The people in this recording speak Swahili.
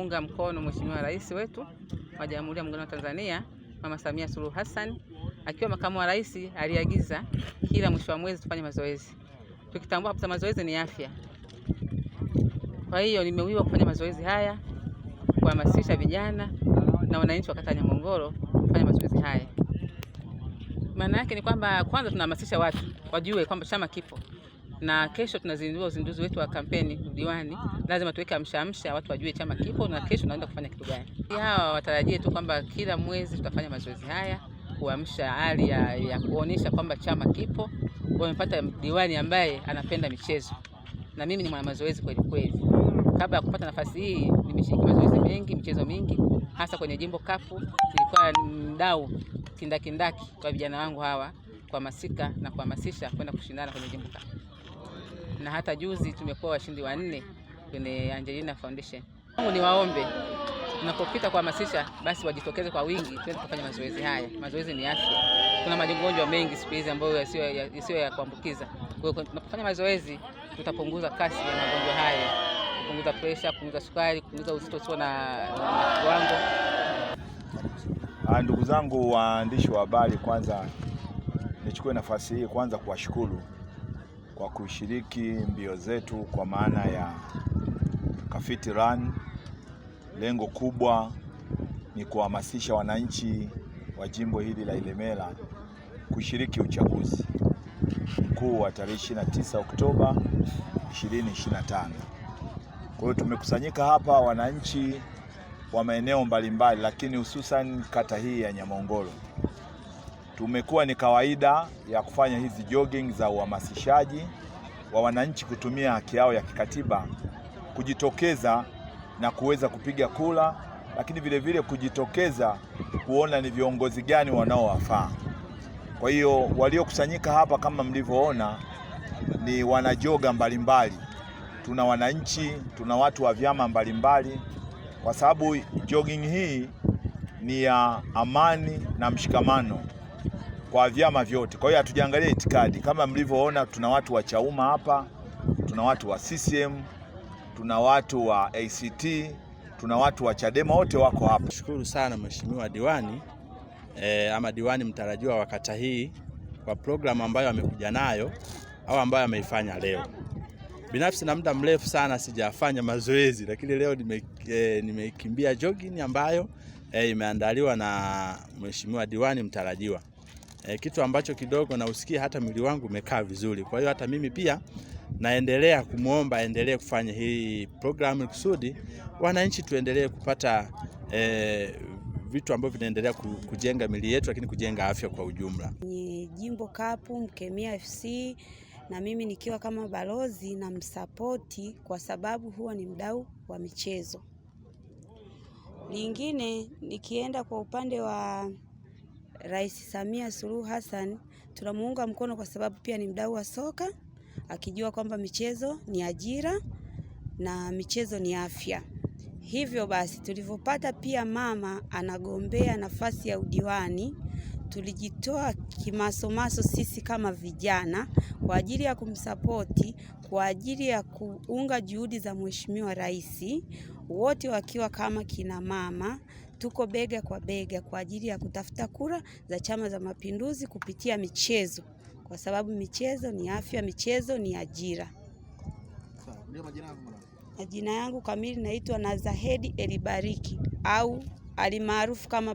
kumuunga mkono Mheshimiwa Rais wetu wa Jamhuri ya Muungano wa Tanzania Mama Samia Suluhu Hassan. Akiwa makamu wa rais, aliagiza kila mwisho wa mwezi tufanye mazoezi, tukitambua kabisa mazoezi ni afya. Kwa hiyo nimewiwa kufanya mazoezi haya, kuhamasisha vijana na wananchi wa kata ya kufanya mazoezi haya. Maana yake ni kwamba kwanza tunahamasisha watu wajue kwamba chama kipo na kesho tunazindua uzinduzi wetu wa kampeni udiwani. Lazima tuweke amshaamsha watu wajue chama kipo na kesho tunaenda kufanya kitu gani. Hawa watarajie tu kwamba kila mwezi tutafanya mazoezi haya kuamsha hali ya, ya kuonyesha kwamba chama kipo, wamepata diwani ambaye anapenda michezo, na mimi ni mwana mazoezi kweli kweli. Kabla ya kupata nafasi hii nimeshiriki mazoezi mengi, michezo mingi, hasa kwenye jimbo kapu nilikuwa mdau kindakindaki kwa vijana wangu hawa kuhamasika na kuhamasisha kwenda kushindana kwenye jimbo kapu na hata juzi tumekuwa washindi wanne kwenye Angelina Foundation. Ni waombe tunapopita kuhamasisha, basi wajitokeze kwa wingi, twende kufanya mazoezi haya. Mazoezi ni afya. Kuna magonjwa mengi siku hizi ambayo yasiyo ya, ya, ya kuambukiza. Kwa hiyo tunapofanya mazoezi tutapunguza kasi ya magonjwa haya, kupunguza presha, kupunguza sukari, kupunguza uzito usio na kiwango. Ndugu zangu waandishi wa habari, kwanza nichukue nafasi hii kwanza kuwashukuru kwa kushiriki mbio zetu kwa maana ya Kafiti Run. Lengo kubwa ni kuhamasisha wananchi wa jimbo hili la Ilemela kushiriki uchaguzi mkuu wa tarehe 29 Oktoba 2025. Kwa hiyo tumekusanyika hapa wananchi wa maeneo mbalimbali, lakini hususan kata hii ya Nyamongolo tumekuwa ni kawaida ya kufanya hizi jogging za uhamasishaji wa wananchi kutumia haki yao ya kikatiba kujitokeza na kuweza kupiga kura, lakini vile vile kujitokeza kuona ni viongozi gani wanaowafaa. Kwa hiyo waliokusanyika hapa kama mlivyoona ni wanajoga mbalimbali, tuna wananchi, tuna watu wa vyama mbalimbali, kwa sababu jogging hii ni ya amani na mshikamano kwa vyama vyote. Kwa hiyo hatujaangalia itikadi, kama mlivyoona, tuna watu wa Chauma hapa, tuna watu wa CCM, tuna watu wa ACT, tuna watu wa Chadema, wote wako hapa. Shukuru sana mheshimiwa diwani e, ama diwani mtarajiwa wa kata hii kwa programu ambayo amekuja nayo au ambayo ameifanya leo. Binafsi na muda mrefu sana sijafanya mazoezi, lakini leo eh, nimekimbia e, nime jogging ambayo e, imeandaliwa na mheshimiwa diwani mtarajiwa e, kitu ambacho kidogo nausikia hata mwili wangu umekaa vizuri. Kwa hiyo hata mimi pia naendelea kumwomba aendelee kufanya hii programu kusudi wananchi tuendelee kupata e, vitu ambavyo vinaendelea kujenga mili yetu, lakini kujenga afya kwa ujumla. Ni jimbo kapu Mkemia FC na mimi nikiwa kama balozi na msapoti, kwa sababu huwa ni mdau wa michezo. Lingine nikienda kwa upande wa Rais Samia Suluhu Hassan tunamuunga mkono kwa sababu pia ni mdau wa soka, akijua kwamba michezo ni ajira na michezo ni afya. Hivyo basi tulivyopata pia mama anagombea nafasi ya udiwani, tulijitoa kimasomaso sisi kama vijana kwa ajili ya kumsapoti, kwa ajili ya kuunga juhudi za mheshimiwa rais, wote wakiwa kama kina mama tuko bega kwa bega kwa ajili ya kutafuta kura za Chama za Mapinduzi kupitia michezo, kwa sababu michezo ni afya, michezo ni ajira. Majina yangu kamili naitwa Nazahedi Elibariki au alimaarufu kama